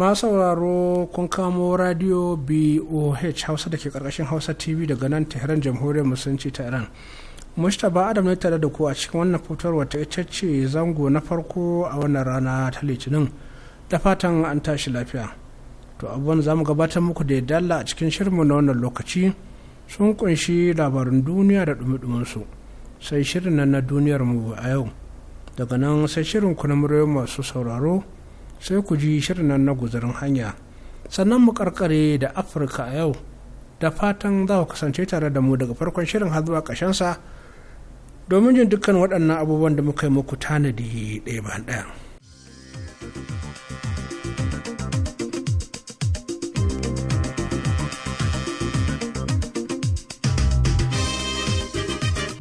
ma sauraro kun kamo radio boh hausa da ke karkashin hausa tv daga nan tehran jamhuriyar musulunci ta iran mustapha adam ne tare da ku a cikin wannan fitarwa ta ita ce zango na farko a wannan rana ta litinin da fatan an tashi lafiya to abubuwan za mu gabatar muku da dalla a cikin shirinmu na wannan lokaci sun kunshi labarin duniya da dumi su sai shirin nan na duniyar mu a yau daga nan sai shirin kuna masu sauraro sai ku ji shirin nan na guzarin hanya sannan mu karkare da afirka a yau da fatan za ku kasance tare da mu daga farkon shirin har zuwa ƙashensa domin jin dukkan waɗannan abubuwan da muka yi muku tanadi ɗaya bayan ɗaya.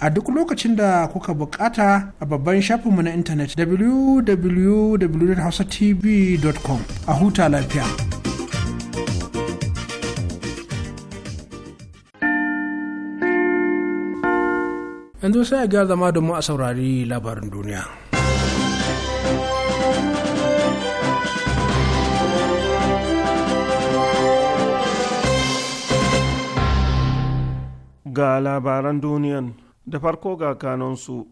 a duk lokacin da kuka bukata a babban shafinmu na intanet www.hausatv.com a huta lafiya. yanzu sai ga zama domin a saurari labarin duniya. Ga labaran duniyan da farko ga kanonsu.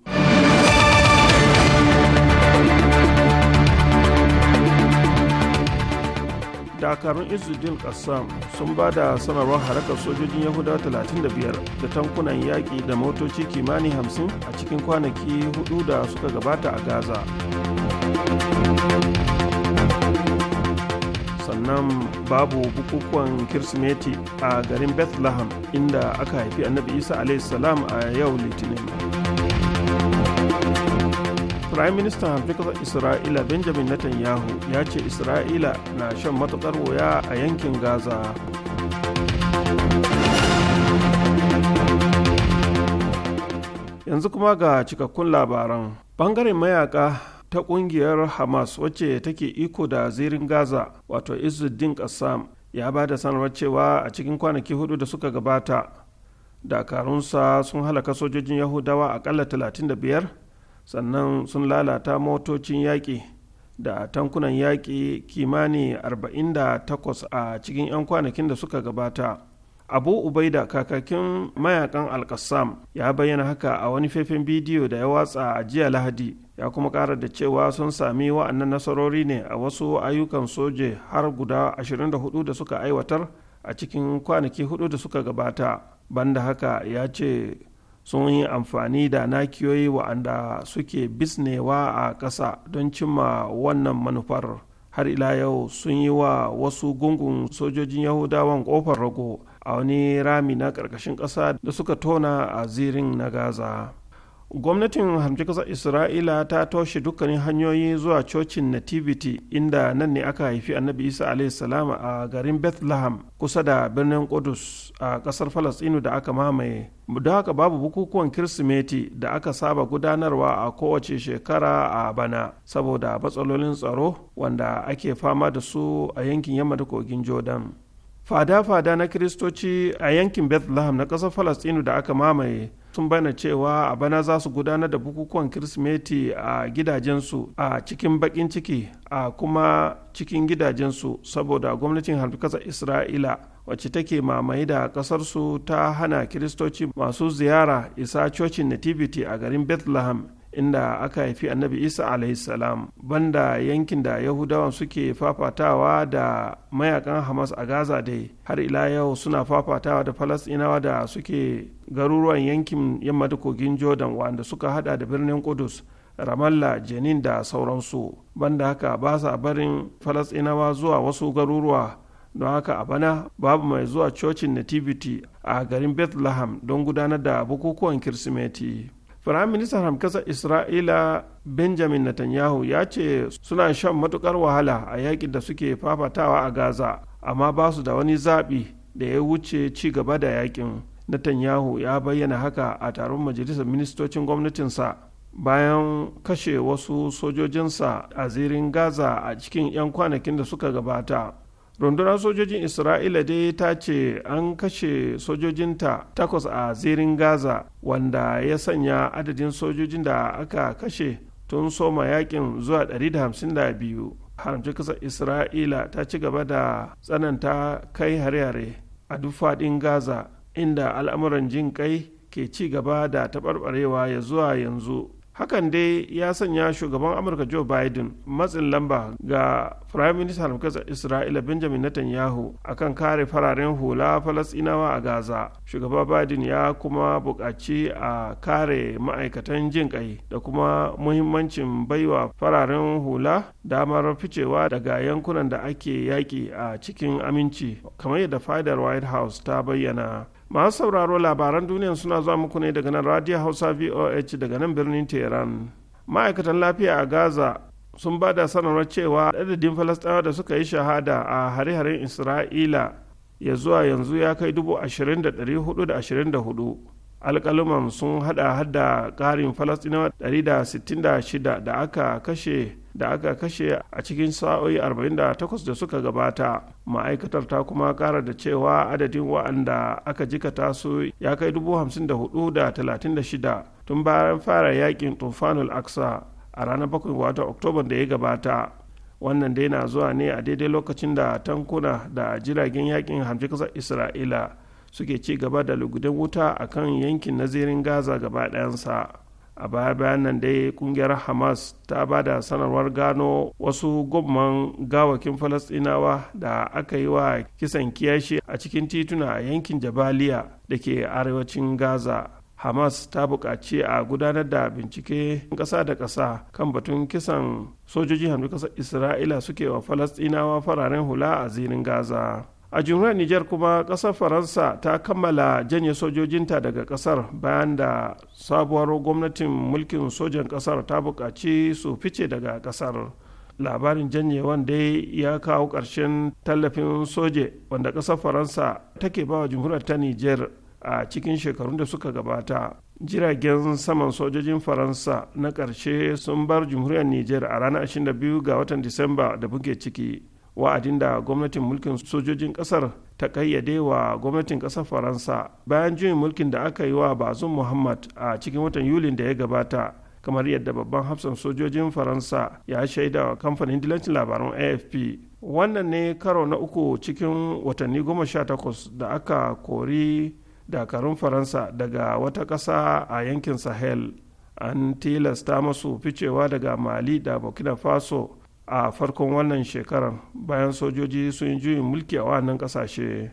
dakarun izudin kassam sun ba da sanarwar harakar sojojin yahuda 35 da tankunan yaƙi da motoci kimanin 50 a cikin kwanaki hudu da suka gabata a gaza nan babu bukukuwan kirsimeti a garin bethlehem inda aka haifi annabi isa salam a yau litinin prime minister amurka isra'ila benjamin netanyahu ya ce isra'ila na shan matukar wuya a yankin gaza yanzu kuma ga cikakkun labaran bangaren mayaka ta kungiyar hamas wacce take iko da zirin gaza wato izuddin kassam ya ba da sanarwar cewa a cikin kwanaki hudu da suka gabata dakarunsa sun halaka sojojin yahudawa akalla 35 sannan sun lalata motocin yaƙi da tankunan yaƙi kimani 48 a cikin 'yan kwanakin da suka gabata abu ubaida kakakin mayakan alkassam ya bayyana haka a wani faifin bidiyo da ya watsa a jiya lahadi ya kuma kara da cewa sun sami wa'annan nasarori ne a wasu ayyukan soje har guda 24 da suka aiwatar a cikin kwanaki hudu da suka gabata banda haka ya ce sun yi amfani da nakiyoyi wa'anda suke bisnewa a ƙasa don cimma wannan manufar har ila yau sun yi wa wasu gungun sojojin yahudawan ƙofar rago a wani rami na ƙarƙashin ƙasa da suka tona a zirin na gaza gwamnatin hamci ƙasar isra'ila ta toshe dukkanin hanyoyi zuwa cocin nativity inda nan ne aka haifi annabi isa salam a garin bethlehem kusa da birnin kudus a ƙasar falastinu da aka mamaye da haka babu bukukuwan kirsimeti da aka saba gudanarwa a kowace shekara a bana saboda matsalolin tsaro wanda ake fama da su a yankin yamma da kogin jordan fada-fada na kiristoci a yankin bethlehem na ƙasar falastinu da aka mamaye sun bayyana cewa a bana za su gudanar da bukukuwan kirsimeti a gidajensu a cikin bakin ciki a kuma cikin gidajensu saboda gwamnatin harfikasar isra'ila wacce take mamaye da kasarsu ta hana kiristoci masu ziyara isa cocin nativity a garin bethlehem inda aka haifi annabi isa alaihissalam banda yankin da yahudawan suke fafatawa da mayakan hamas a gaza dai har ila yau suna fafatawa da falasinawa da suke garuruwan yankin yamma da kogin jordan wanda suka hada da birnin kudus ramallah jenin da sauransu banda haka ba sa barin falasinawa zuwa wasu garuruwa don haka a bana babu mai zuwa cocin nativity a garin bethlehem don gudanar da bukukuwan kirsimeti firayim ministan isra'ila benjamin netanyahu ya ce suna shan matukar wahala a yakin da suke fafatawa a gaza amma ba su da wani zaɓi da ya wuce ci gaba da yaƙin netanyahu ya bayyana haka a taron majalisar ministocin gwamnatinsa bayan kashe wasu sojojinsa a zirin gaza a cikin 'yan kwanakin da suka gabata rundunar sojojin isra'ila dai ta ce an kashe sojojinta takwas a zirin gaza wanda ya sanya adadin sojojin da aka kashe tun soma yakin zuwa 152 haramci kasa isra'ila ta ci gaba da tsananta kai hare-hare a duk faɗin gaza inda al'amuran jin kai ke ci gaba da taɓarɓarewa ya zuwa yanzu hakan dai ya sanya shugaban amurka joe biden matsin lamba ga prime minister harkar isra'ila benjamin netanyahu akan kare fararen hula falasinawa a gaza shugaba biden ya kuma buƙaci a kare ma'aikatan jin ƙai da kuma muhimmancin baiwa fararen hula damar ficewa daga yankunan da ake yaƙi a cikin aminci kamar yadda fadar white house ta bayyana masu sauraro labaran duniya suna zuwa muku ne daga nan radio hausa voh daga nan birnin tehran ma'aikatan lafiya a gaza sun ba da sanarwar cewa adadin falastawa da suka yi shahada a hare-haren isra'ila ya zuwa yanzu ya kai dubu ashirin da ɗari hudu da ashirin da hudu alƙaluman sun hada hada ƙarin falastinawa ɗari da sittin da shida da aka kashe da aka kashe a cikin sa'o'i 48 da suka gabata ma'aikatar ta kuma kara da cewa adadin wa'anda aka jikata su ya kai shida tun bayan fara yakin tufanul aksa a ranar 7 wata oktobar da ya gabata wannan dai na zuwa ne a daidai lokacin da tankuna da jiragen yakin hamshin kasar isra'ila suke ci gaba da lugudin wuta a kan yankin nazirin gaza gaba ɗayansa. a baya bayan nan dai kungiyar hamas ta ba da sanarwar gano wasu gwamman gawakin falasdinawa da aka yi wa kisan kiyashi a cikin tituna a yankin jabaliya da ke arewacin gaza hamas ta buƙaci a gudanar da bincike ƙasa da ƙasa kan batun kisan sojoji hannu ƙasar isra'ila suke wa falasɗinawa fararen hula a zirin gaza a jihuriyar niger kuma kasar faransa ta kammala janye sojojinta daga kasar bayan da sabuwar gwamnatin mulkin sojan kasar ta buƙaci su fice daga kasar labarin janye wanda ya kawo ƙarshen tallafin soje wanda ƙasar faransa take ba wa ta niger a cikin shekarun da suka gabata jiragen saman sojojin faransa na ƙarshe sun bar jamhuriyar niger a ranar 22 ga watan disamba da buge ciki wa'adin da gwamnatin mulkin sojojin kasar ta kayyade wa gwamnatin kasar faransa bayan juyin mulkin da aka yi wa bazum muhammad a cikin watan yulin da ya gabata kamar yadda babban hafsan sojojin faransa ya shaida wa kamfanin dilancin labaran afp wannan ne karo na uku cikin watanni goma sha takwas da aka kori dakarun faransa daga wata ƙasa a yankin sahel an tilasta masu ficewa daga mali da burkina faso a farkon wannan shekarar bayan sojoji sun yi juyin mulki a wannan kasashe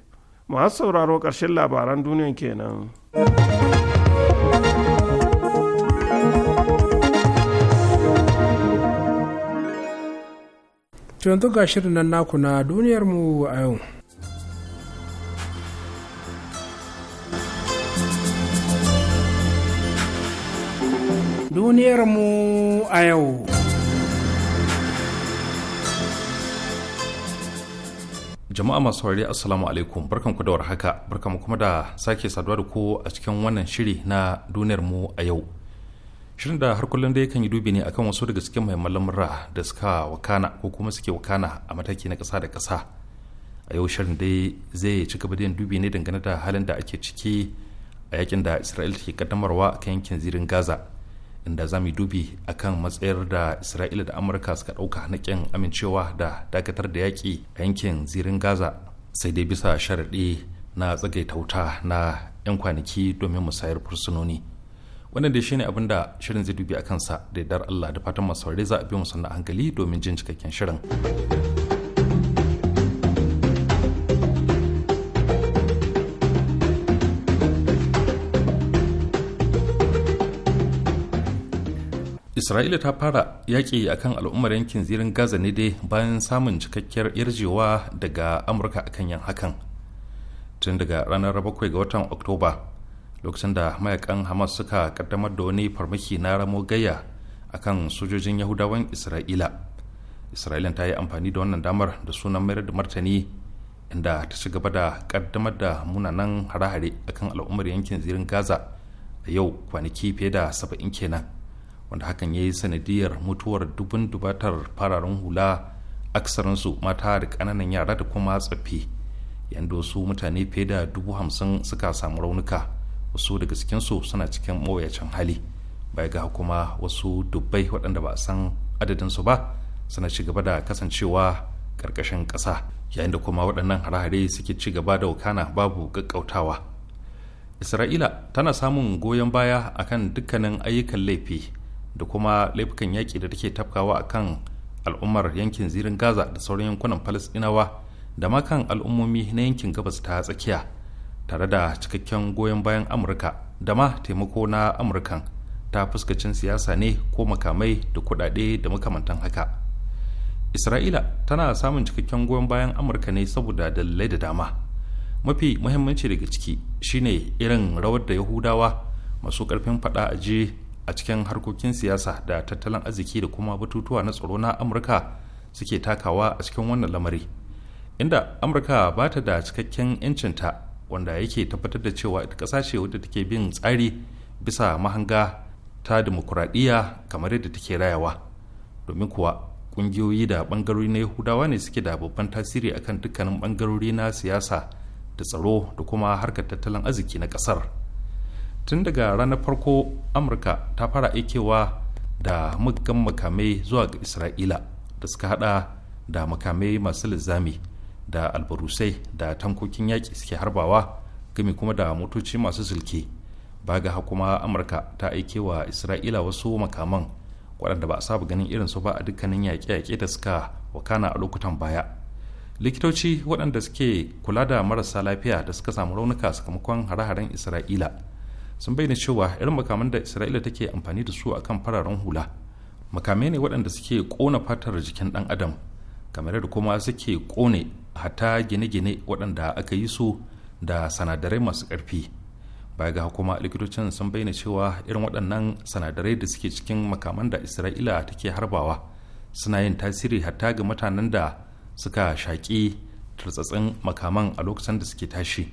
masu sauraro ƙarshen labaran duniya kenan. To yanzu ga shirin nan naku na duniyarmu a yau. Duniyarmu a yau. jama'a masu saurari assalamu alaikum barkan ku da warhaka barkan kuma da sake saduwa da ku a cikin wannan shiri na duniyar mu a yau shirin da har kullum dai kan yi dubi ne akan wasu daga cikin muhimman lamura da suka wakana ko kuma suke wakana a mataki na kasa da kasa a yau shirin dai zai ci gaba da yin dubi ne dangane da halin da ake ciki a yakin da isra'il ke kaddamarwa kan yankin zirin gaza inda za mu dubi akan matsayar da isra'ila da amurka suka ɗauka na kyan amincewa da dakatar da yaƙi a yankin zirin gaza sai dai bisa sharaɗi na tsagaita wuta na 'yan kwanaki domin musayar fursunoni wannan da shine abin da shirin zai dubi a sa da dar allah da fatan masu za a bi sannan hankali domin jin cikakken shirin isra'ila ta fara yaƙi a kan al'ummar yankin zirin gaza ne dai bayan samun cikakkiyar yarjewa daga amurka akan yin hakan tun daga ranar bakwai ga watan oktoba lokacin da mayakan hamas suka kaddamar da wani farmaki na ramo gayya kan sojojin yahudawan isra'ila isra'ila ta yi amfani da wannan damar da sunan mayar da martani inda ta ci gaba da kaddamar da munanan hare-hare akan al'ummar yankin zirin gaza a yau kwanaki fiye da saba'in kenan wanda hakan ya yi sanadiyar mutuwar dubun dubatar fararen hula aksarinsu mata da kananan yara da kuma tsaffi yadda wasu mutane fiye da dubu hamsin suka samu raunuka wasu daga cikinsu suna cikin mawuyacin hali bai ga kuma wasu dubbai waɗanda ba a san adadinsu ba suna ci gaba da kasancewa ƙarƙashin ƙasa yayin da kuma waɗannan hare suke ci gaba da wakana babu gaggautawa isra'ila tana samun goyon baya akan dukkanin ayyukan laifi da kuma laifukan yaƙi da take tafkawa a kan al'ummar yankin zirin gaza da sauran yankunan falastinawa da ma kan al'ummomi na yankin gabas ta tsakiya tare da cikakken goyon bayan amurka da ma taimako na amurkan ta fuskacin siyasa ne ko makamai da kuɗaɗe da makamantan haka isra'ila tana samun cikakken goyon bayan amurka ne saboda dalilai da dama mafi muhimmanci daga ciki shine irin rawar da yahudawa masu ƙarfin faɗa a a cikin harkokin siyasa da tattalin arziki da kuma batutuwa na tsaro na amurka suke takawa a cikin wannan lamari inda amurka ba ta da cikakken 'yancinta wanda yake tabbatar da cewa ita ƙasa ce wadda take bin tsari bisa mahanga ta dimokuraɗiyya kamar yadda take rayawa domin kuwa ƙungiyoyi da ɓangarori na yahudawa ne suke da babban tasiri akan dukkanin ɓangarori na siyasa da tsaro da kuma harkar tattalin arziki na ƙasar. tun daga ranar farko amurka ta fara aikewa da muggan makamai zuwa ga isra'ila da suka hada da makamai masu lizami da albarusai da tankokin yaƙi suke harbawa gami kuma da motoci masu ba ga kuma amurka ta aikewa isra'ila wasu makaman waɗanda ba a saba ganin irin su ba a dukkanin yaƙe-yaƙe da suka wakana a lokutan baya likitoci waɗanda suke kula da marasa lafiya da suka samu raunuka sakamakon hare-haren isra'ila sun bayyana cewa irin makaman da isra'ila take amfani da su akan fararen hula makamai ne waɗanda suke ƙona fatar jikin ɗan adam kamar da kuma suke ƙone hata gine-gine waɗanda aka yi su da sanadarai masu ƙarfi baya ga kuma likitocin sun bayyana cewa irin waɗannan sanadarai da suke cikin makaman da isra'ila take harbawa suna yin tasiri hatta ga mutanen da suka shaƙi tartsatsin makaman a lokacin da suke tashi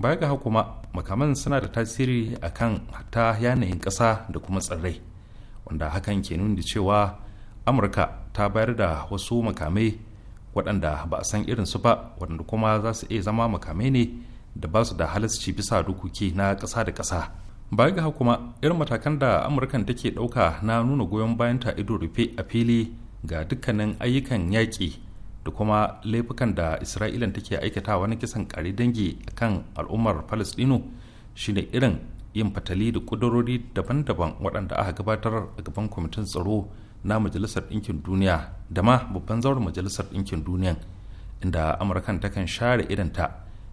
baya ga kuma makaman suna da tasiri a kan hata yanayin ƙasa da kuma tsirrai wanda hakan ke nuni cewa amurka ta bayar da wasu makamai waɗanda ba a san irinsu ba waɗanda kuma za su iya zama makamai ne da ba su da halasci bisa dukuki na ƙasa da ƙasa baya ga kuma irin matakan da amurkan take ɗauka na nuna goyon bayanta ido rufe a fili ga dukkanin ayyukan yaƙi da kuma laifukan da isra'ila take aikata wani kisan kare dangi kan al'ummar palestino shine irin yin fatali da kudurori daban-daban waɗanda aka gabatar a gaban kwamitin tsaro na majalisar ɗinkin duniya da ma babban zauren majalisar ɗinkin duniya inda amurkan kan share irin ta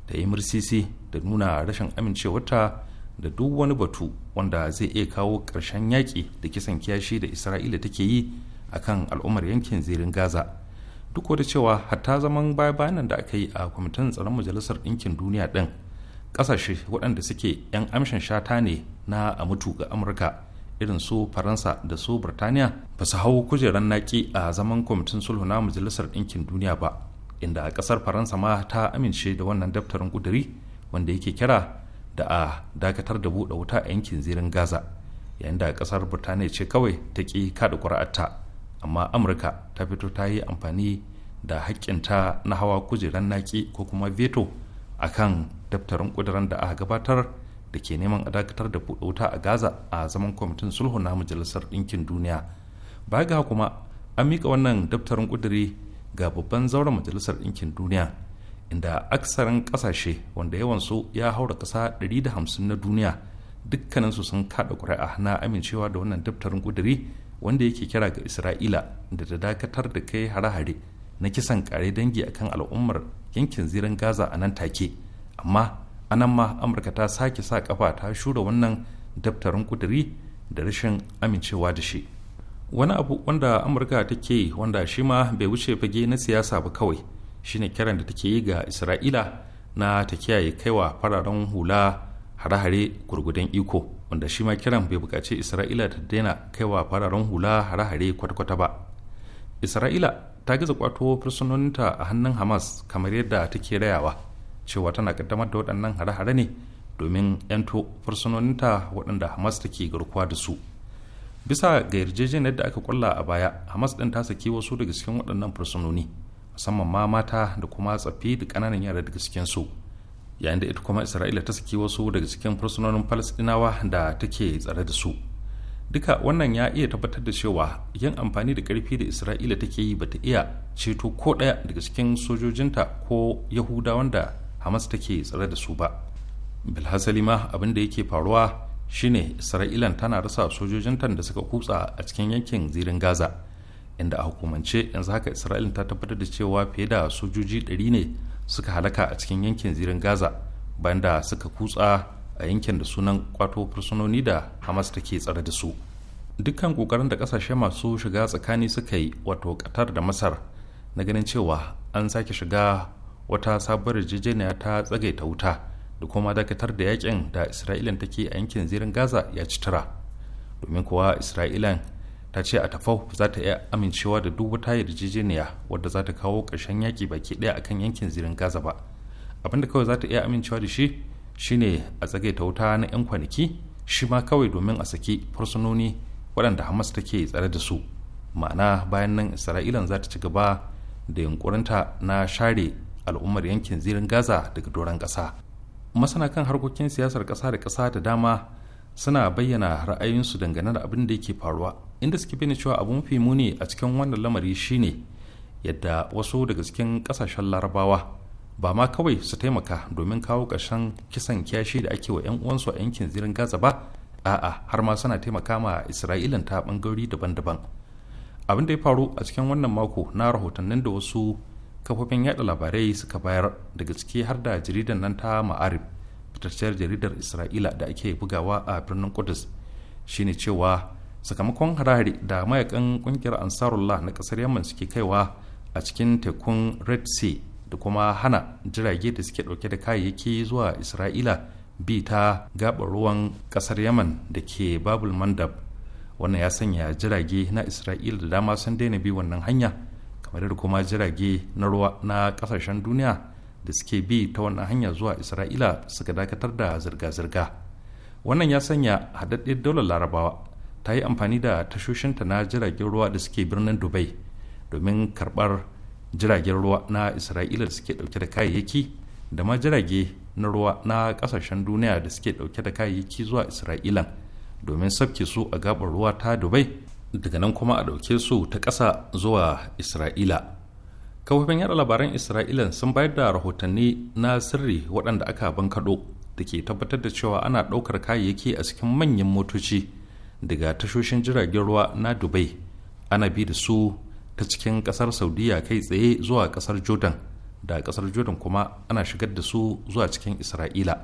da yi mursisi da nuna rashin amincewarta da duk wani batu wanda zai iya kawo ƙarshen yaƙi da kisan kiyashi da isra'ila take yi akan al'ummar yankin zirin gaza duk da cewa hatta zaman baya bayanan da aka yi a kwamitin tsaron majalisar ɗinkin duniya ɗin ƙasashe waɗanda suke 'yan amshin shata ne na a mutu ga amurka irin su faransa da su birtaniya ba su hau kujerar naƙi a zaman kwamitin sulhu na majalisar ɗinkin duniya ba inda a ƙasar faransa ma ta amince da wannan daftarin ƙuduri wanda yake kira da a dakatar da buɗe wuta a yankin zirin gaza yayin da ƙasar birtaniya ce kawai ta ƙi kaɗa ƙuri'arta amma amurka ta fito ta yi amfani da haƙƙinta na hawa kujeran naƙi ko kuma veto a kan daftarin ƙuduran da aka gabatar da ke neman a dakatar da buɗe wuta a gaza a zaman kwamitin sulhu na majalisar ɗinkin duniya ba ga kuma an mika wannan daftarin ƙuduri ga babban zauren majalisar ɗinkin duniya inda aksarin ƙasashe wanda yawansu ya haura ƙasa 150 na duniya dukkaninsu sun kaɗa ƙuri'a na amincewa da wannan daftarin ƙuduri wanda yake kira ga isra'ila da ta dakatar da kai hare-hare na kisan kare dangi akan al'ummar yankin zirin gaza a nan take amma anan ma amurka ta sake sa kafa ta shura wannan daftarin kuduri da rashin amincewa da shi wani abu wanda amurka take wanda shi ma bai wuce fage na siyasa ba kawai shine kiran da take yi ga isra'ila na ta kiyaye kaiwa fararen hula hare-hare gurgudan iko wanda shi ma kiran bai bukaci isra'ila ta daina kaiwa fararen hula hare-hare kwata ba isra'ila ta gaza kwato fursunoninta a hannun hamas kamar yadda take rayawa cewa tana kaddamar da waɗannan hare-hare ne domin 'yanto fursunoninta waɗanda hamas take garkuwa da su bisa ga yarjejeniyar da aka kulla a baya hamas ɗin ta saki wasu daga cikin waɗannan fursunoni musamman ma mata da kuma tsaffi da ƙananan yara daga cikin su yayin da ita kuma isra'ila ta saki wasu daga cikin fursunonin falasdinawa da take tsare da su duka wannan ya iya tabbatar da cewa yin amfani da karfi da isra'ila take yi bata iya ceto ko ɗaya daga cikin sojojinta ko yahudawan da hamas take tsare da su ba bilhassali ma abin da yake faruwa shine isra'ilan tana rasa sojojinta da suka kutsa a cikin yankin zirin gaza inda a hukumance yanzu haka isra'ila ta tabbatar da cewa fiye da sojoji ɗari ne suka halaka a cikin yankin zirin gaza bayan da suka kutsa a yankin da sunan kwato fursunoni da hamas take tsare da su dukkan kokarin da kasashe masu shiga tsakani suka yi wato qatar da masar na ganin cewa an sake shiga wata sabuwar yarjejeniya ta tsagaita wuta da kuma dakatar da yakin da isra'ilan take a yankin zirin gaza ya ci tura domin kuwa isra'ilan ta ce a tafau za ta iya amincewa da duk wata yarjejeniya wadda za ta kawo ƙarshen yaƙi baki ɗaya akan yankin zirin gaza ba abin da kawai za ta iya amincewa da shi shine a tsage ta wuta na 'yan kwanaki shi ma kawai domin a saki fursunoni waɗanda hamas take tsare da su ma'ana bayan nan isra'ilan za ta ci gaba da yunkurinta na share al'ummar yankin zirin gaza daga doron ƙasa masana kan harkokin siyasar ƙasa da ƙasa da dama suna bayyana ra'ayinsu dangane da abin da yake faruwa inda suke bayyana cewa abu mafi muni a cikin wannan lamari shine yadda wasu daga cikin kasashen larabawa ba ma kawai su taimaka domin kawo ƙarshen kisan kyashi da ake wa 'yan uwansu a yankin zirin gaza ba a'a har ma suna taimaka ma isra'ilan ta bangarori daban-daban abin da ya faru a cikin wannan mako na rahotannin da wasu kafofin yaɗa labarai suka bayar daga ciki har da jaridan nan ta ma'arib fitacciyar jaridar isra'ila da ake bugawa a birnin kudus shine cewa sakamakon harare da mayakan kungiyar ansarullah na kasar yamman suke kaiwa a cikin tekun red sea da kuma hana jirage da suke dauke da kayayyaki zuwa isra'ila bi ta gabar ruwan kasar yaman da ke babul mandab wannan ya sanya jirage na isra'ila da dama sun daina bi wannan hanya kamar da kuma jirage na ruwa na kasashen duniya da suke bi ta wannan hanya zuwa isra'ila suka dakatar da zirga-zirga wannan ya sanya haɗaɗɗiyar daular larabawa ta yi amfani da tashoshinta na jiragen ruwa da suke birnin dubai domin karɓar jiragen ruwa na isra'ila da suke ɗauke da kayayyaki da ma jirage na ruwa na ƙasashen duniya da suke ɗauke da kayayyaki zuwa isra'ila domin sabke su a gabar ruwa ta dubai daga nan kuma a ɗauke su ta ƙasa zuwa isra'ila kafofin yada labaran isra'ila sun bayar da rahotanni na sirri waɗanda aka bankaɗo da ke tabbatar da cewa ana ɗaukar kayayyaki a cikin manyan motoci daga tashoshin jiragen ruwa na dubai ana bi da su ta cikin ƙasar saudiya kai tsaye zuwa ƙasar jordan da ƙasar jordan kuma ana shigar da su zuwa cikin isra'ila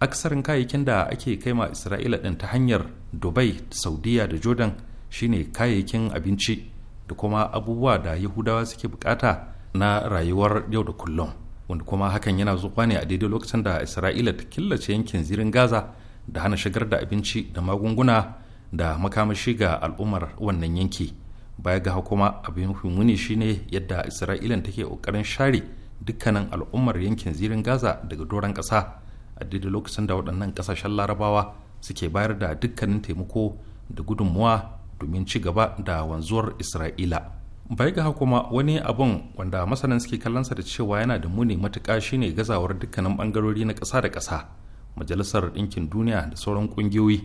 aksarin kayayyakin da ake kai ma isra'ila ɗin ta hanyar dubai saudiya da jordan shine kayayyakin abinci da kuma abubuwa da yahudawa suke bukata na rayuwar yau da kullum wanda kuma hakan yana zuwa ne a daidai lokacin da isra'ila ta killace yankin zirin gaza da hana shigar da abinci da magunguna da makamashi ga al'ummar wannan yanki baya ga kuma abin muni shine yadda isra'ila take kokarin share dukkanin al'ummar yankin zirin gaza daga doron kasa a daidai lokacin da waɗannan ƙasashen larabawa suke bayar da dukkanin taimako da gudunmuwa domin ci gaba da wanzuwar isra'ila bai ga kuma wani abun wanda masanan suke kallonsa da cewa yana da muni matuƙa shine gazawar dukkanin bangarori na ƙasa da ƙasa majalisar ɗinkin duniya da sauran ƙungiyoyi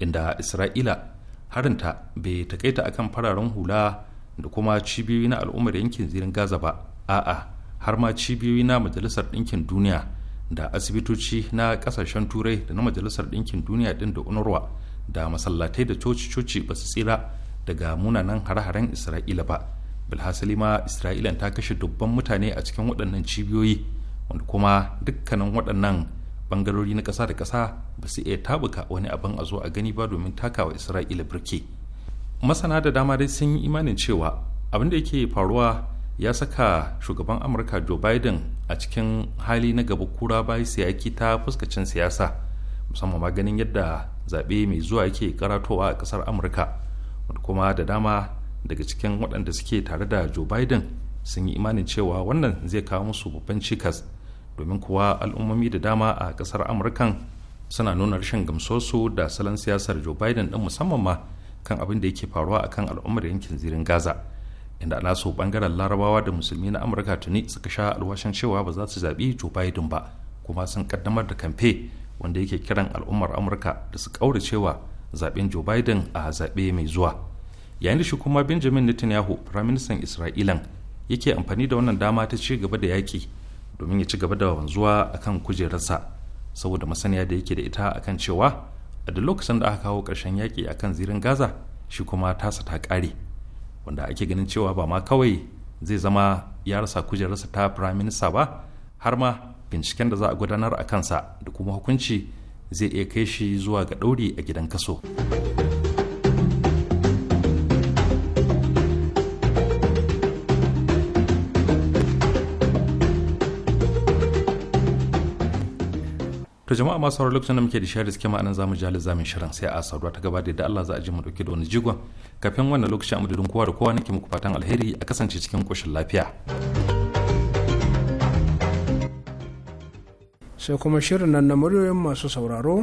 inda isra'ila harinta bai takaita akan fararen hula da kuma cibiyoyi na al'ummar yankin zirin gaza ba a'a har ma cibiyoyi na majalisar ɗinkin duniya da asibitoci na ƙasashen turai da na majalisar ɗinkin duniya ɗin da unurwa da masallatai da coci-coci ba su tsira daga munanan hare-haren isra'ila ba bilhassali ma isra'ila ta kashe dubban mutane a cikin waɗannan cibiyoyi wanda kuma dukkanin waɗannan bangarori na ƙasa da ƙasa ba su iya tabuka wani abin a zo a gani ba domin takawa isra'ila birke masana da dama dai sun yi imanin cewa abin da yake faruwa ya saka shugaban amurka joe biden a cikin hali na gaba kura bayan siyaki ta fuskacin siyasa musamman ma ganin yadda zaɓe mai zuwa yake karatowa a ƙasar amurka wanda kuma da dama daga cikin waɗanda suke tare da joe biden sun yi imanin cewa wannan zai kawo musu babban cikas domin kuwa al'ummomi da dama a ƙasar amurkan suna nuna rashin gamsosu da salon siyasar joe biden ɗin musamman ma kan abin da yake faruwa a kan al'ummar yankin zirin gaza inda so bangaren larabawa da musulmi na amurka tuni suka sha alwashin cewa ba za su zaɓi joe biden ba kuma sun kaddamar da kamfe wanda yake kiran al'ummar amurka da su cewa zaben joe biden a zaɓe mai zuwa yayin da shi kuma benjamin netanyahu firaministan isra'ilan yake amfani da wannan dama ta ci gaba da yaƙi domin ya ci gaba da wanzuwa akan kujerarsa saboda masaniya da yake da ita akan cewa a da lokacin da aka kawo ƙarshen yaƙi akan zirin gaza shi kuma tasa ta ƙare wanda ake ganin cewa ba ma kawai zai zama ya rasa kujerarsa ta firaminista ba har ma binciken da za a gudanar a kansa da kuma hukunci zai iya kai shi zuwa ga ɗauri a gidan kaso. to jama'a masu sauraron lokacin da muke da shari'a suke ma'anan zamu jihar zamin shirin sai a saduwa ta gaba da yadda Allah za a ji mu dauke da wani jigon kafin wannan lokacin a madadin kowa da kowa nake muku fatan alheri a kasance cikin koshin lafiya. sai kuma shirin nan na muryoyin masu sauraro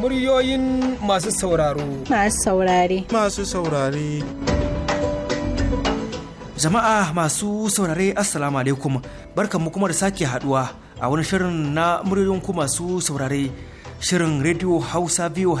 muryoyin masu sauraro masu saurare masu saurare jama'a masu saurare assalamu alaikum barkanmu kuma da sake haduwa a wani shirin na muryoyin ku masu saurare shirin radio hausa voh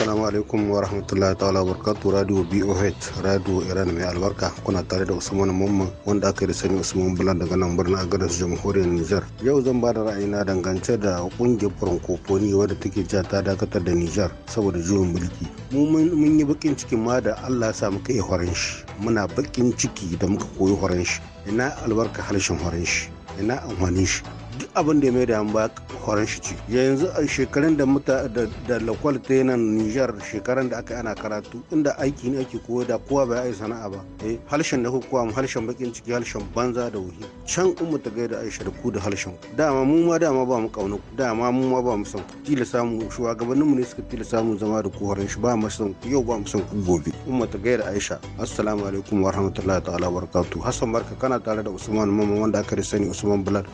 Assalamu alaikum wa rahmatullahi ta'ala barkatu radio BOH radio Iran mai albarka kuna tare da Usman Mamman wanda aka yi da sani Usman Bulan daga nan birnin Agadas Jamhuriyar Nijar. Yau zan ba da ra'ayina dangance da kungiyar Francophonie wadda take ja ta dakatar da Nijar saboda juyin mulki. Mu mun yi bakin ciki ma da Allah ya sa muka yi horon shi. Muna bakin ciki da muka koyi horon shi. Ina albarka harshen horon shi. Ina amfani shi. duk abin da ya mai da ba horon shi ci yanzu a shekarun da muta da lakwal ta yana nijar shekarun da aka ana karatu inda aiki ne ake koyo da kowa bai ai sana'a ba eh halshen da kuka mu halshen bakin ciki halshen banza da wuri can mu ta gaida aisha da ku da halshen dama mu ma dama ba mu kauna ku dama mu ma ba mu son ku samu shuwa gabanin mu ne suka tilasa samu zama da ku horon shi ba mu son ku yau ba mu son ku gobe mu ta gaida aisha assalamu alaikum rahmatullahi ta'ala barakatuh hassan barka kana tare da usman mamman wanda aka sani usman bulat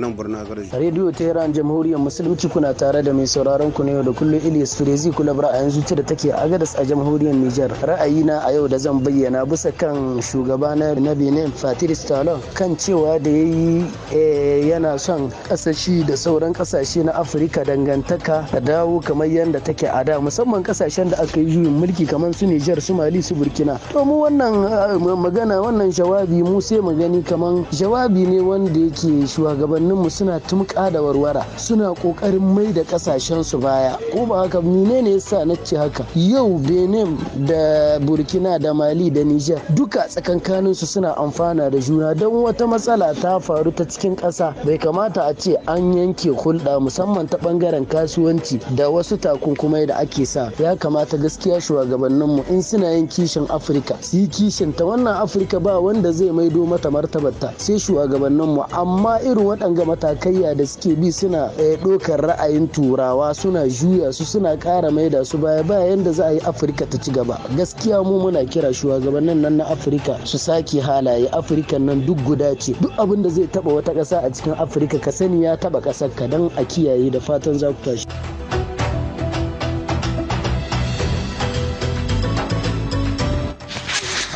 nan Borno Garzi. Radio Tehran Jamhuriyar Musulunci kuna tare da mai sauraron ku na yau da kullum Ilyas Firezi kula yanzu ce da take Agadas a Jamhuriyar Nijar. Ra'ayina a yau da zan bayyana bisa kan shugaba na Benin Fatir Stalon kan cewa da yayi eh, yana son kasashe da sauran kasashe na Afirka dangantaka da dawo kamar yadda take a da musamman kasashen da aka yi juyin mulki kamar su Nijar su Mali su Burkina. To mu wannan ah, magana wannan jawabi mu sai mu gani kamar jawabi ne wanda yake shugabanni mu suna tumka da warwara suna kokarin mai da kasashen su baya ko ba haka menene yasa na ce haka yau benin da burkina da mali da niger duka tsakankanin su suna amfana da juna don wata matsala ta faru ta cikin ƙasa bai kamata a ce an yanke hulɗa musamman ta bangaren kasuwanci da wasu takunkumai da ake sa ya kamata gaskiya shugabanninmu in suna yin kishin afirka su yi kishin ta wannan afirka ba wanda zai maido mata martabarta sai shugabanninmu amma irin waɗanga ga matakaiya da suke bi suna eh, ɗaukar ra'ayin turawa suna juya su suna ƙara maida su baya bayan da za a yi afirka ta ci gaba gaskiya mu muna kira shugabannin nan na afirka su sake halaye afirka nan duk guda ce duk abin da zai taba wata ƙasa a cikin afirka ka sani ya taba ƙasar ka don a kiyaye da fatan za ku tashi.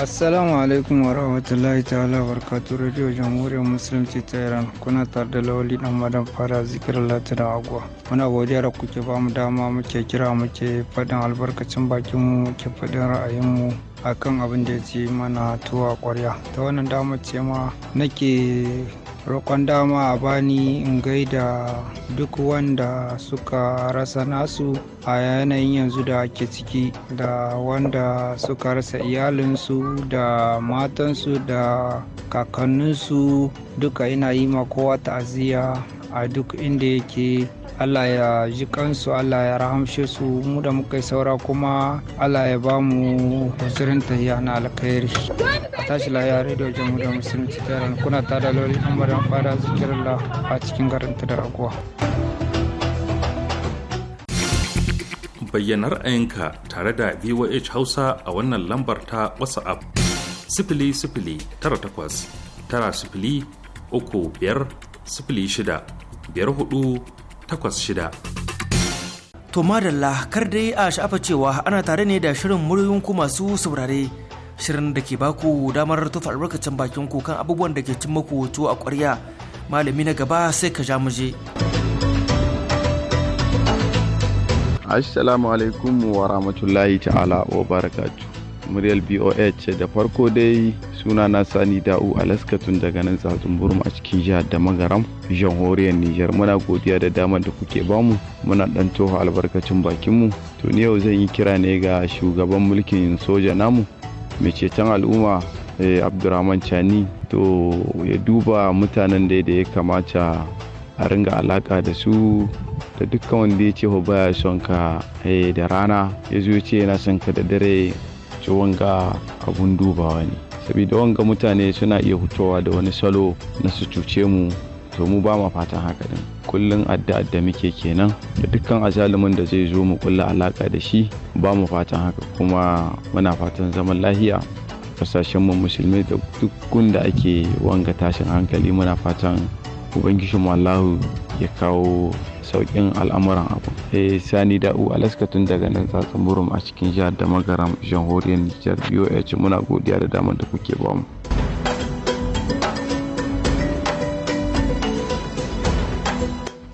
assalamu alaikum wa rahmatullahi ta'ala wa barakatuh radio jamhuriyar musulunci ta iran kuna tare da lawali dan madan fara zikirar latin agwa muna godiya da kuke ba mu dama muke kira muke faɗin albarkacin bakin mu muke faɗin ra'ayin mu akan abin da ya ce mana tuwa ƙwarya ta wannan dama ce ma nake roƙon dama a bani in gaida duk wanda suka rasa nasu a yanayin yanzu da ke ciki da wanda suka rasa iyalinsu da matansu da kakanninsu duka ina yi ma kowa ta'aziyya a duk inda yake allah ya ji kansu allah ya rahamshe su mu da muka yi saura kuma allah ya ba mu huzurin tahiya na alkhairi a tashi lahiya rediyo da musulunci ta kuna ta da lori amadan fada zikirallah a cikin garin da raguwa. bayyana ra'ayinka tare da voh hausa a wannan lambar ta whatsapp sifili sifili tara takwas tara sifili uku biyar sifili shida Biyar shida To madalla kar dai a sha'afa cewa ana tare ne da shirin muryoyin ku masu saurare shirin da ke baku damar tufa albarkacin bakin ku kan abubuwan da ke cin maku hoto a ƙwarya malami na gaba sai ka ja muje. Assalamu alaikum wa rahmatullahi ta'ala wa barakatuh. muryar boh da farko dai suna na sani da'u alaska tun daga nan tsatsun burma a cikin jihar da magaram jamhuriyar nijar muna godiya da damar da kuke bamu muna dan toho albarkacin bakinmu to ni yau zan yi kira ne ga shugaban mulkin soja namu mai ceton al'umma eh, abdurrahman chani to ya duba mutanen da ya kamata a ringa alaka da su da dukkan wanda ya ce ba ya son ka eh, da rana ya zo yana son ka da dare ce wanga abun dubawa ne saboda wanga mutane suna iya hutowa da wani salo na su cuce mu to mu ba ma fatan haka din kullun addu'ar da muke kenan da dukkan azalumin da zai zo mu kulla alaka da shi ba mu fatan haka kuma muna fatan zaman lahiya kasashenmu musulmi da duk da ake wanga tashin hankali muna fatan ubangijinmu Allah ya kawo saukin al'amuran abu eh sani u alaska tun daga nan tsatsamurum a cikin jihar da magaram jamhuriyar nijar boh muna godiya da damar da kuke bamu